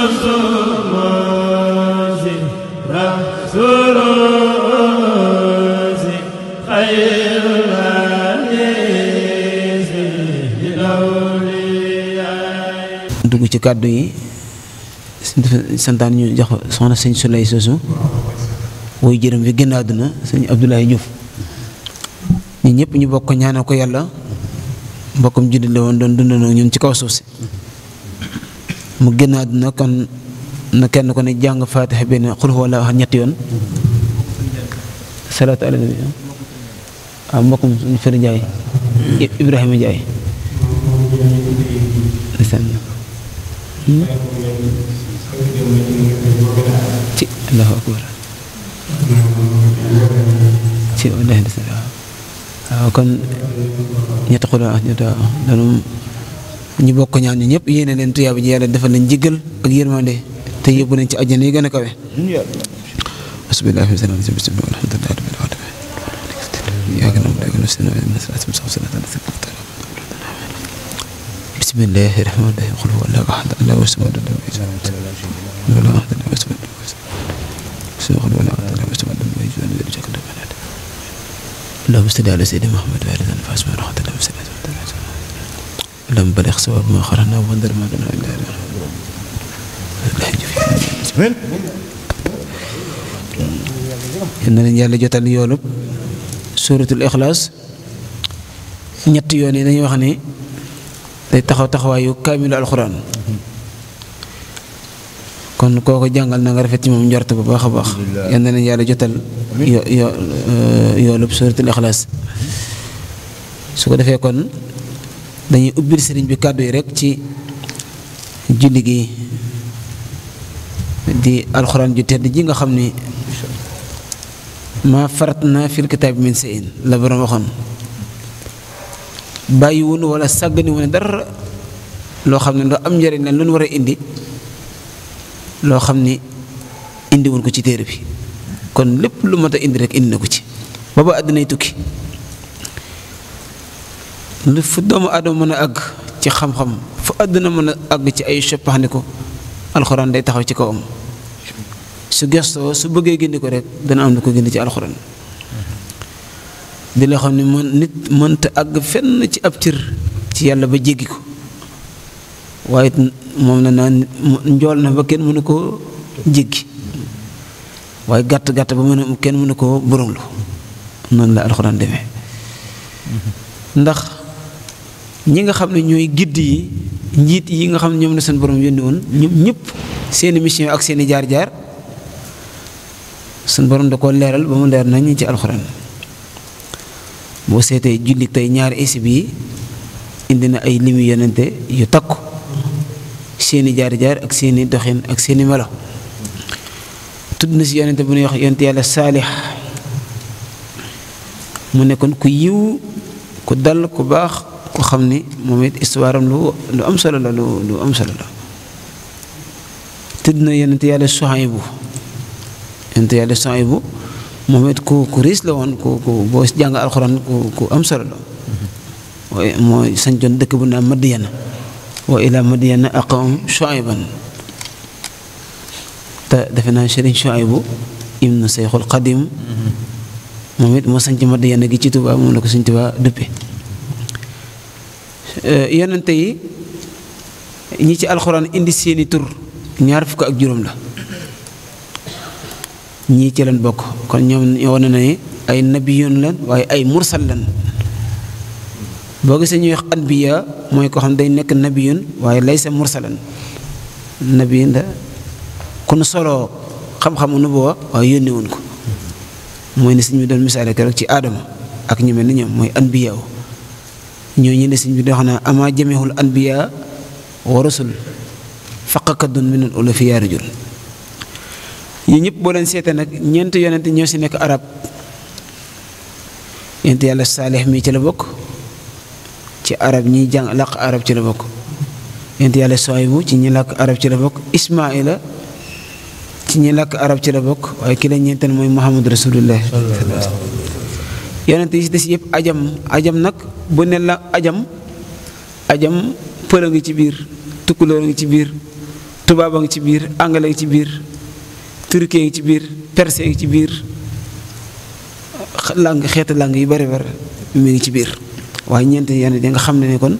dugg ci kàddu yi santaan ñu jox soxna sëñ Souleye Sossou woy jërëm fi génn àdduna sëñ Abdoulaye Diouf ñi ñëpp ñu bokk ñaanal ko yàlla mbokkam jullit la woon doon dundandoo ñun ci kaw suuf si mu génn àdduna kon na kenn ko ne jàng faatiha benn xul wala wax ñetti yoon salaatu ala nabi waaw ah, mbokkum suñu fër Njaay Ibrahima Njaay hmm? ci allahu akbar waaw ah, kon ñetti xul wax ñetti waaw ñu bokk ñaan ñu ñëpp yéene leen tuyaa bi ñu yàlla defal leen jiggal ak yërmande te yóbbu leen ci àjjana yi gën a kawe بسم الله الرحمن الرحيم قل هو الله احد الله الصمد لم يلد ولم يولد ولم يكن له كفوا احد اللهم صل على سيدنا محمد وعلى اله وصحبه وسلم لم بلغ سبب ما خرنا وندر ما كنا نعمل سبيل إن نجعل جتال يولب سورة الإخلاص نيت يوني ني واخني تي كامل القران كون كوكو جانغال نغا رفيتي موم نجارتو بو باخ باخ ين نان يالا يو يو آه، يولب سوره الاخلاص سوكو دافي dañuy ubbil sëriñ bi kàddu yi rekk ci julli gi di alxuraan ju tedd ji nga xam ni maa farat na fil kitaab min seen la borom waxoon bàyyi wunu wala sàggani wunu dara loo xam ne lu am njëriñ la lu nu war a indi loo xam ni indiwul ko ci téere bi kon lépp lu mat a indi rek indi na ko ci ba ba àddinay tukki lu fu doomu aadama mën a àgg ci xam-xam fu àdduna mën a àgg ci ay soppaxndiku alxuraan day taxaw ci kawam su gestoo su bëggee génne ko rek dana am lu ko gindi ci alxuraan di la xam ne mën nit mënta àgg fenn ci ab cër ci yàlla ba jéggi ko waaye moom na naan njool na ba kenn mënu koo jéggi waaye gàtt gàtt ba mën a kenn mënu koo boromlu noonu la alxuraan demee ndax ñi nga xam ñoy ñooy gidd yi njiit yi nga xam ñom na seen borom yëndu won ñom ñëpp seen mission ak seen jaar-jaar sun borom da ko leral ba mu leer nañ ci alxuraan bo sété julli tay ñaar isib bi indi na ay limi yonente yu takku seen jaar-jaar ak seen doxin ak seen melo tud na ci yonente bu ñu wax yonente yalla salih mu nekkon ku yiwu ku dal ku bax ku xam ni moom it histoire lu lu am solo la lu lu am solo la tudd na yonent yàlla Suhaybu yonent yàlla Suhaybu moom it ku riis la woon ku ku boo jàng alxuraan ku am solo la waaye mooy sancoon dëkk bu naan Madiyana wa ilaa Madiyana aqawm Shuayban te defe naa Sëriñ Shuaybu ibnu Seyxul Xadim moom it moo sanc Madiyana gi ci Tuubaa moom la ko Sëriñ Tuubaa duppe Euh, yonente yi ñi ci alxuraan indi seeni tur ñaar fukk ak juróom la ñii ci lan bokk kon ñoom wane na ne ay nabiyun la waaye ay mursal lan boo gisee ñuy wax mooy ko xam day nekk nabiyun waaye laysa mursalan nabiyun da kun soloo xam-xamu nubuwa waaye yónni woon ko mooy ni suñu doon misaale rek ci aadama ak ñu mel ni ñoom mooy anbiya ñoo ñi ne sëñ bi na ama jamihul anbiya wa rusul faqaqadun min al ulafiya rajul yi ñep bo len sété nak ñent yonent ñoo ci nek arab ñent yalla salih mi ci la bok ci arab ñi jang laq arab ci la bok ñent yalla soyibu ci ñi laq arab ci la bok ismaila ci ñi laq arab ci la bok way ki la ñent moy muhammad rasulullah yonent yi ci dess yep ajam ajam nak, bu ne la ajam ajam pël a ngi ci bir tukulo a ngi ci bir tuba ba ngi ci bir angale ngi ci bir turke ngi ci bir perse a ngi ci bir lang xet lang yu bari bari mi ngi ci biir waaye ñeent yonent yi nga xamne ne kon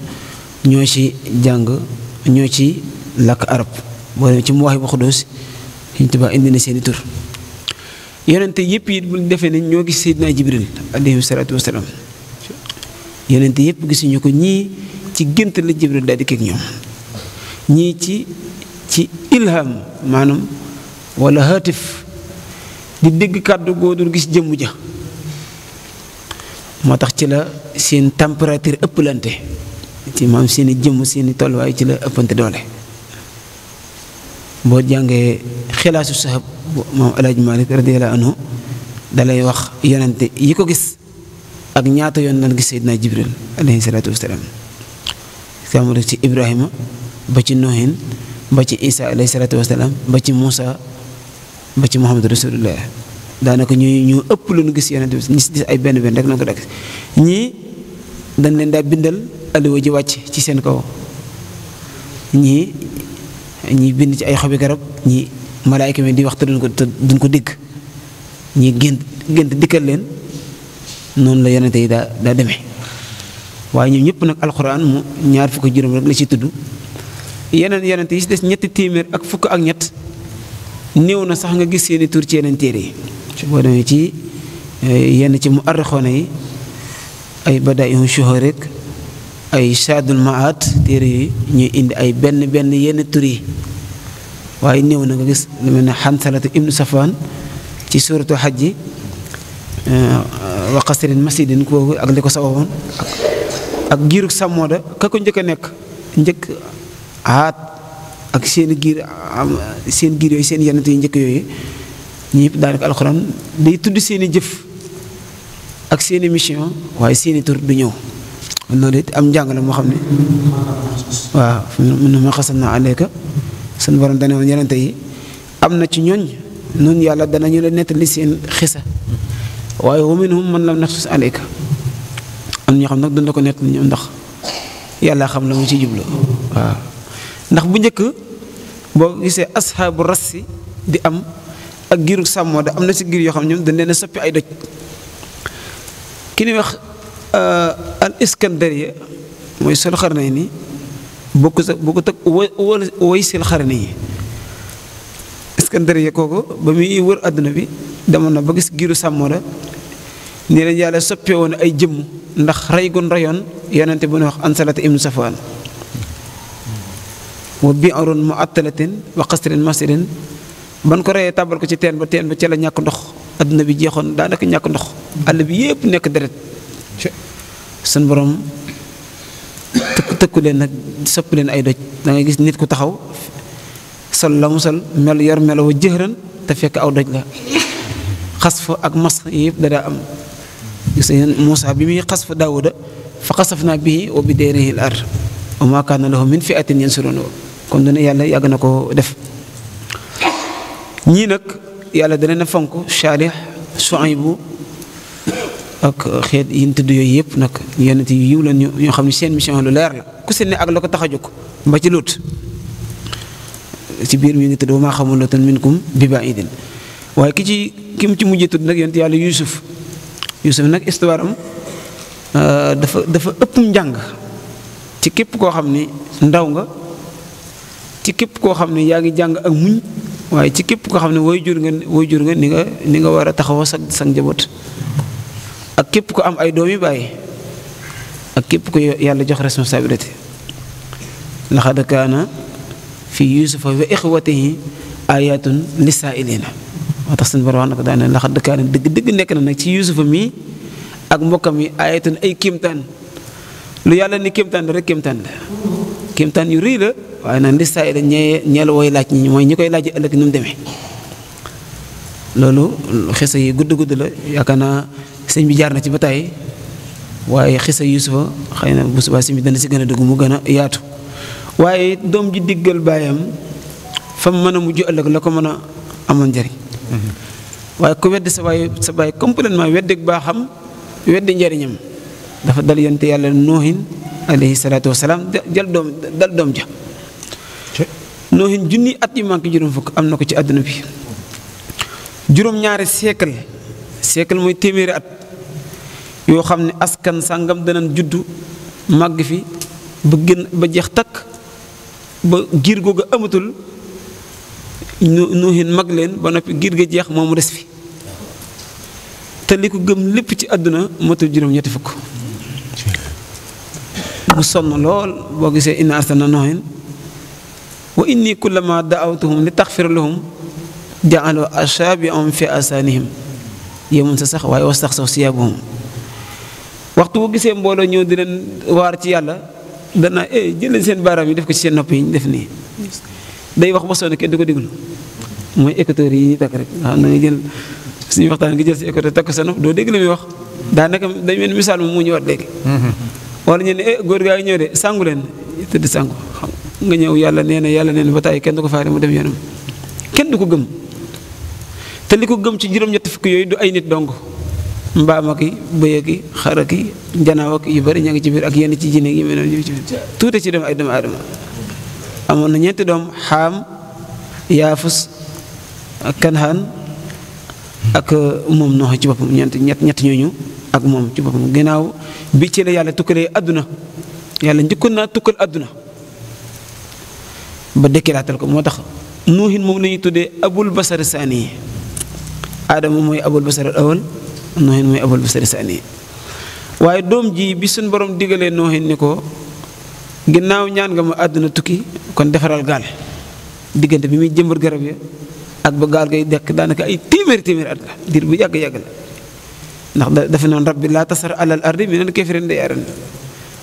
ñoo ci jang ñoo ci lak arab bo ci muwahib khudus bu xudóos tur yonente yëpp it bu defee nañ ñoo gis Seydina Jibril alayhi salaatu wasalaam yonente yëpp gisuñu ko ñii ci gént la Jibril daal di kek ñoom ñii ci ci ilham maanaam wala hatif di dégg kàddu dul gis jëmm ja moo tax ci la seen température ëpplante ci maam seeni jëmm seeni tolluwaay ci la ëppante doole boo jàngee xilaasu sahab bu moom El Hadj Malick radiyallahu dalay wax yenent yi ko gis ak ñaata yoon lan gis Seydina Jibril alayhi salaatu wasalaam sàmm ci Ibrahima ba ci Nohin ba ci Isa alayhi salaatu wasalaam ba ci Moussa ba ci Muhammad rasulullah daanaka ñuy ñu ëpp lu gis yonente bi ñu gis ay benn benn rek na ko dak ñii dañ leen daa bindal aliwa wàcc ci seen kaw ñii ñi bind ci ay xobi garab ñi malaayka mi di wax te duñ ko te duñ ko dégg ñi gént gént dikkal leen noonu la yonente yi daa daa demee waaye ñoom ñëpp nag alxuraan mu ñaar fukk ak juróom rek la ci tudd yeneen yonente yi ci des ñetti téeméer ak fukk ak ñett néew na sax nga gis seeni tur ci yeneen téere yi boo demee ci eh, yenn ci mu arrixoona yi ay badaayun shuhur rek ay saadul maat téere yi ñuy indi ay benn benn yenn tur waaye néew na nga gis lu mel ne xansalatu ibnu safaan ci suratu xajji eh, wa qasrin masidin kooku ak li ko sababoon ak giirug sàmmooda ka ko njëkk a nekk njëkk aat ak seen giir am seen giir yooyu seen yenent yi njëkk yooyu ñu yëpp daanaka alxuraan day tudd seeni jëf ak seeni mission waaye tur du ñëw loolu it am njàng la moo xam ne waaw mun na ma xasal naa aleyka sunu borom dana woon yenente yi am na ci ñooñ noonu yàlla ñu la nettali seen xisa waaye wa minhum man lam naxsus aleyka am ñoo xam nag dund ko nettali ndax yàlla xam la mu ci jublu waaw ndax bu njëkk boo gisee ras si di am ak giiru sàmmoo da am na si giir yoo xam ñoom dañ leen a soppi ay doj ki ni wax Euh, al iskandariya mooy sul xarnay ni bokku sa bokku tëg way sil xarne yi iskandariya kooku ba muy wër àdduna bi demoon na ba gis giiru sàmmooda nii lañ yàlla soppee woon ay jëmm ndax rey gun reyoon yonente bu ñuy wax ansalata ibnu safwaan wa bi'run mu'attalatin wa qasrin masirin ban ko reyee tàbbal ko ci teen ba teen ba ca ñàkk ndox àdduna bi jeexoon daanaka ñàkk ndox àll bi yépp nekk deret seen borom tëkku tëkku leen nag sëpp leen ay doj da ngay gis nit ku taxaw sol la mu sol mel yor melawu jëxëran te fekk aw doj la xas fa ak mas yëpp da daa am gis ngeen Moussa bi muy xas fa Daawuda fa xasaf naa bii wa bi deerihi al ard wa maa kaana lahu min fi'atin yansurunahu kon dana yàlla yàgg na ko def ñii nag yàlla dana na fonk Saalix Suaybu ak xet yi ñu tudd yooyu nak nag yenn ci yiw la ñu xamni seen mission lu leer la ku seen ne ak lako taxajuk ba ci lut ci biir mi ngi tuddu ma xamul tan minkum bi ba'idin ki ci kim ci nag yonent yusuf yusuf nak istiwaram euh dafa dafa ëpp njang ci kep ko xamni ndaw nga ci kep ko xamni ne yaa ngi ak muñ waye ci kep ko xamni way jur nga way jur nga ni nga ni nga wara taxaw sax sax jabot ak képp ku am ay doomi baay ak képp ku yàlla jox responsabilité laxad kaana fi yusufa yi ixwatihi ayatun lisaa'ilina moo tax seen borom wax na ko daane laxad kaana dëgg dëgg nekk na nag ci yusufa mii ak mbokkam yi ayatun ay kéemtaan lu yàlla ni kéemtaan la rek kéemtaan la kéemtaan yu rëy la waaye nag lisaa'ila ñee ñeel wooy laaj ñi mooy ñi koy laaj ëllëg nu mu demee loolu xese yi gudd gudd la yaakaar naa sëñ bi jaar na ci ba tàyyi waaye xisa yusufa xëy na bu subaa sëñ dana si gën a dugg mu gën a yaatu waaye doom ji diggal baayam fa mën a mujj ëllëg la ko mën a amoon njariñ waaye ku weddi sa baay sa baay complètement weddik baaxam weddi njariñam dafa dal yonte yàlla noohin alayhi salaatu wasalaam jël doom dal doom ja noohin junni at yu manqué juróom fukk am na ko ci àdduna bi juróom ñaari siècle siècle muy téeméeri at yoo xam ne askan sàngam danañ juddu màgg fi ba génn ba jeex takk ba giir googu amatul ñu mag leen ba noppi giir ga jeex moom mu des fi te li ko gëm lépp ci àdduna matul juróom-ñetti fukk mu sonn lool boo gisee inna na nuuhin wa inni kullama daawtuhum li taxfir lahum jaaloo asaabiahum fi asaanihim yemuñ sa sax waaye wastax saw siyaabahum waxtu bu gisee mbooloo ñëw di leen waar ci yàlla dana eh jël seen baaraam yi def ko ci seen nopp yi ñu def nii day wax ba sonn kenn du ko déglu mooy écouteurs yi ñu takk rek nga xam na nga jël suñu gi jël si écouteur takk sa nopp doo dégg li muy wax daanaka dañ mel misaal mu mu ñëwaat léegi wala ñu ne eh góor gaa yi ñëw de sangu leen tëdd sangu nga ñëw yàlla nee na yàlla nee na ba tàyyi kenn du ko faari mu dem yoonam kenn du ko gëm te li gëm ci juróom-ñett fukk yoy du ay nit dong mbaam ak bëy ak xar ak janaaw ak yu bari ñangi ci yafus, ak yeen ci jine yi mel ñu ci biir ci dem ay dem adam amon na dom doom yafus ak kanhan ak uh, mom no ci bopum ñett ñett ñooñu ak mom ci bopum bi ci la yalla tukale aduna yalla ba ko motax nuhin mom lañu abul basar Sani. aadama mooy abul basar al awal noohin mooy abul basar sani waaye doom ji bi suñ borom digalee noohin ni ko ginnaaw ñaan nga ma àdduna tukki kon defaral gaal diggante bi muy jëmbat garab ya ak ba gaal ngay dekk daanaka ay téeméeri téeméeri at la diir bu yàgg yàgg la ndax dafa noon rabbi laa tasar alal ardi minal kaafiriina dayyaaran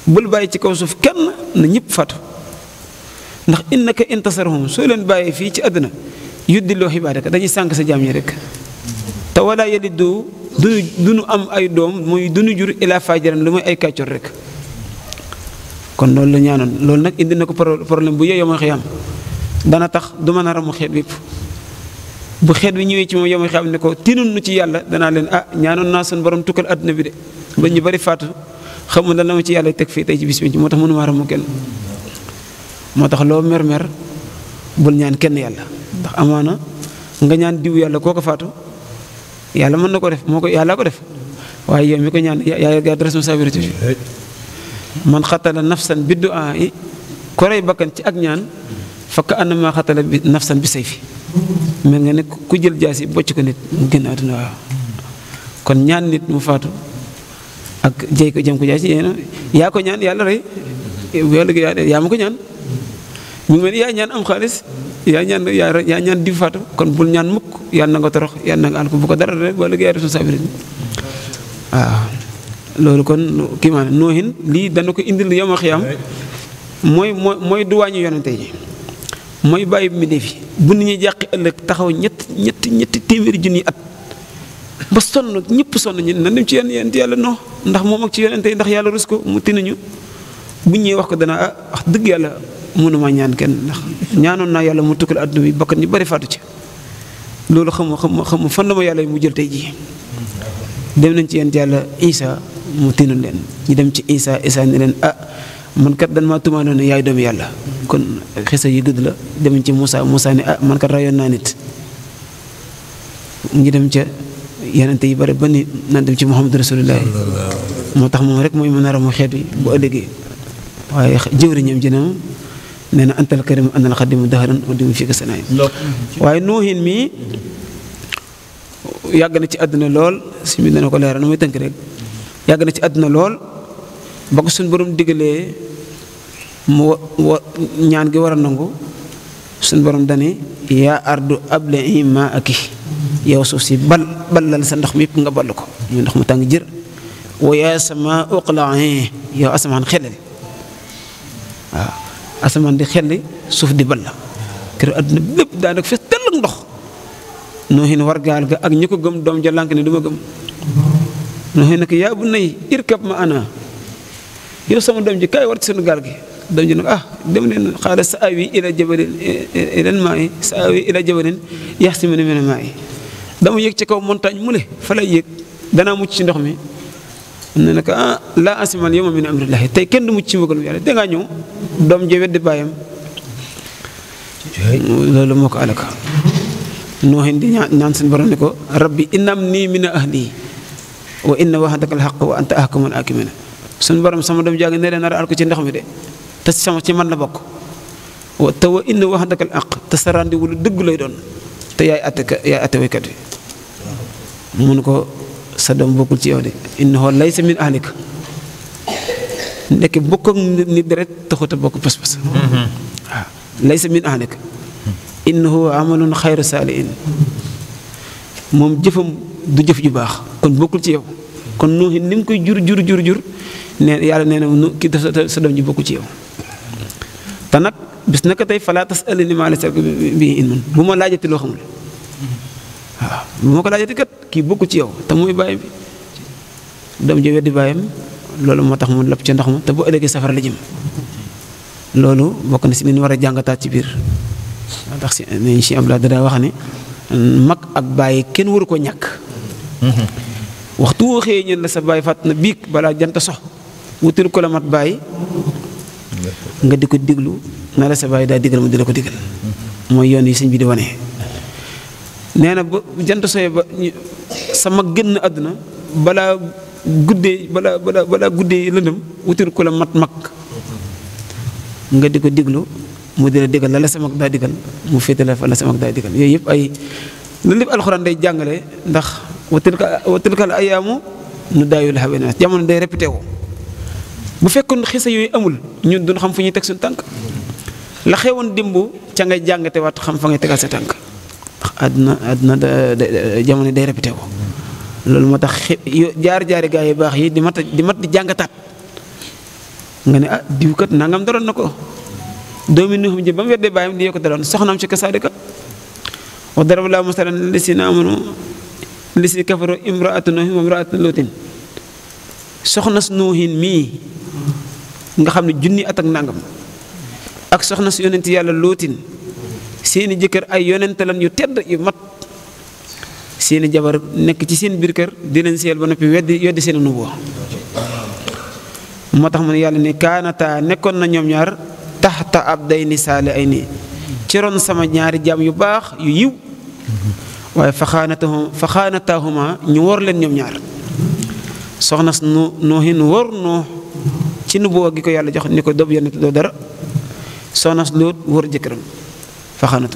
bul bàyyi ci kaw suuf kenn na ñëpp fatu ndax in innaka intasarhum soo leen bàyyee fii ci àdduna yuddiloo xibaadaka dañuy sànk sa jaam yi rek tawala wala yalidu du am ay dom moy dunu jur ila fajaran lu ay kàccor rek kon loolu la ñaanon loolu nak indi nako problème bu yee yomay xiyam dana tax duma na ramu xeet bu xet bi ñewé ci moom yomay xiyam ne ko tinun nu ci yalla dana len ah ñaanon na sun borom tukal àdduna bi de ba ñu bari fatu xamu na lama ci yalla tek fi tay ci bis ci motax mënu ma ramu kenn motax lo mer mer bul ñaan kenn yalla ndax amana nga ñaan diw yalla koko fatu yàlla mën na ko def moo ko yàlla ko def waaye yow mi ko ñaan yaa yaa responsabilité bi man xatala nafsan bi du'a bakkan ci ak ñaan fakk annama xatala bi nafsan bi mel nga ne ku jël jaasi bocc ko nit mu génn àdduna waaw kon ñaan nit mu faatu ak jey ko jëm ko jaasi yaa ko ñaan yàlla rey yàlla yaa ma ko ñaan mu ngi yaa ñaan am xaalis yaa ñaan yaa yaa ñaan diw faatu kon bul ñaan mukk yàlla na nga torox yàlla na nga ko bu ko dara rek ba léegi yaa responsabilité waaw loolu kon kii ma noohin lii dana ko indil yama xiyam mooy mooy mooy duwaañu yonente yi mooy bàyyi mbindéef yi bu nit ñi jàqi ëllëg taxaw ñett ñetti ñetti téeméeri junni at ba sonn ñëpp sonn ñi nan dem ci yenn yenn yàlla non ndax moom ak ci yonente yi ndax yàlla rus ko mu tinañu bu ñëwee wax ko dana ah wax dëgg yàlla mënuma ñaan kenn ndax ñaanoon naa yàlla mu tukkal àdduna bi bakkan ñu bari faatu ci loolu xam xam xam fan la ma yàlla mu jël tey jii dem nañ ci yent yàlla mu tinu leen ñu dem ci isa isa ni leen ah man kat dan maa tumaanoo yaay doomu yàlla kon xisa yi dëgg la dem ci Moussa Moussa ne ah man kat rayoon naa nit ñu dem ca yenente yi bari ba ni naan dem ci Muhammadu Rasulullah moo tax moom rek mooy mën a ramu xeet bi bu ëllëgee waaye jëwriñam jënam nena antal karim anal khadim dahran wa dimu fii ka sanaay mi yàgg na ci aduna lol si mi dana ko leral nu muy rek yàgg na ci aduna lol ba ko borom digele mu ñaan gi wara nangu sun borom dane ya ardu abla ma aki ya wasusi bal balal sa ndox mi nga ball ko muy ndox mu tang jir wa ya sama uqla ya asman xelal asamaan di xelli suuf di balla kër àdduna bépp daanaka fees dell ak ndox noohin wargaal ga ak ñi ko gëm doom ja lànk ne du ma gëm noohin nag yaa bu nay irkab ma ana yow sama doom ji kaay war ci sunu gaal gi doom ji nag ah dem leen xaala sa awi ila jabalin eh, ilan maa yi sa awi ila jabalin yax si mene mene maa yi dama yëg ci kaw montagne mu ne fa yëg danaa mucc ci ndox mi ne ne ko ah laa asimal yawma min amrillahi tey kenn du mucc ci mbugalum yàlla dangaa ñëw doom ja weddi baayam loolu moo ko alaka nooxin di ñaan seen borom ne ko rabbi inam nii min ahli wa inna waxdaka alxaq wa anta ahkamul hakimina suñ borom sama doom jaagi ne leen nar ci ndox mi de te sama ci man la bokk te wa inna waxdaka alxaq te sa ràndiwu lu dëgg lay doon te yaay atte yaay atte sa doom bokkul ci yow de innahu laysa min ahlik nekk bokk ak nit deret taxut a bokk pas-pas waaw laysa min ahlik innahu amalun xayru saaliin moom jëfam du jëf ju baax kon bokkul ci yow kon nuuxi ni mu koy jur jur jur jur ne yàlla nee na nu ki sa doom ji bokkul ci yow te nag bis naka tey falaa tas ëllëg ni maa la sa bii in mun bu ma laajati loo xamul waaw ko laajati kat ki bokku ci yow te muy baye bi doom ji weddi bayam lolu motax tax mu lapp ci ndox ma te bu ëllëgee safar la jëm lolu bokk na si ni ñu war a jàngataat ci biir ndax si nañ si wax ni mak ak baye kenn wuro ko ñàkk waxtu woo la sa baye fat na bik bala jant sox wutul ko la mat baye nga diko diglu na la sa baye da digal mu di ko digal moy mhm. yoon yi señ bi di wone nee na ba jant sooyee ba sama génn àdduna balaa guddee balaa balaa balaa guddee lëndëm wutul ku la mat mag nga di ko diglu mu dina digal la la sama daa digal mu féetale fa la sama daa digal yooyu yëpp ay loolu lépp alxuraan day jàngale ndax wa tilka wa tilka al ayaamu nu daayu la xamee jamono day répété wu bu fekkoon xisa yooyu amul ñun duñ xam fu ñuy teg suñu tànk la xewoon dimboo ca ngay jàngate waat xam fa ngay tegal sa tànk àdduna àdduna jamono day répété loolu moo tax xe jaar jaari gaa yu baax yi di mat di mat di jàngataat nga ne ah diw kat nangam daloon na ko doomi Nuux ji ba mu weddee baayam di yokk daloon soxnaam si kasaalika wa daraba laahu masalan lisiina amanu lisi kafaru soxna si nuuhin mii nga xam ne junni at ak nangam ak soxna si yonent yàlla lootin seeni jëkër ay yonente lan yu tedd yu mat seeni jabar nekk ci seen biir kër dinañ seel ba noppi wedd yodd seen nubuwa moo tax mu ne yàlla ne kaanata nekkoon na ñoom ñaar taxta abdayni day saali ay nii ci ron sama ñaari jaam yu baax yu yiw waaye faxaanatahum faxaanatahuma ñu wor leen ñoom ñaar soxna nu nu wor noo ci nubuwa gi ko yàlla jox ni ko dob yonent do dara soxna lut wor jëkkëram fa na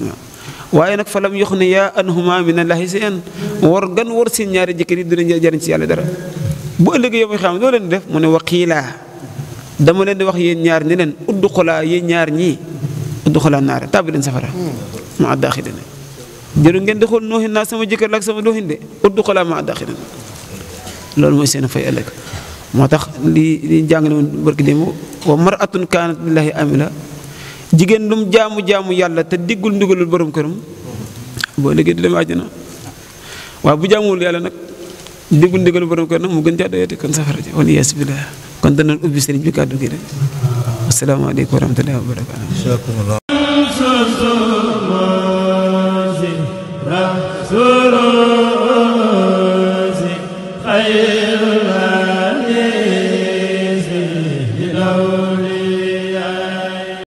waaye nag fa lam yox ne yaa anhuma minallahi shay'an war gan war seen ñaari jëkkër yi dinañ jariñ ci yàlla dara bu ëllëgee yow xam loo leen def mu ne dama leen di wax yéen ñaar ne leen uddu xolaa yéen ñaar ñii uddu xolaa naara tàbbi leen safara ma àddaaxilina jëru ngeen di xool nooxin sama jëkkër la ak sama nooxin de uddu ma àddaaxilina loolu mooy seen fay ëllëg moo tax li li jàngale woon barki démb wa maratun kaanat billahi jigéen lu mu jaamu jaamu yàlla te diggul ndigalul borom këram boo liggéey di dem àjjana waaw bu jaamuwul yàlla nag diggul ndigalul borom këram nag mu gën caa doyati kon safara ji wan yees bi laa kon danañ ubbi sëriñ bi kàddu gi rek asalaamaaleykum wa rahmatullahi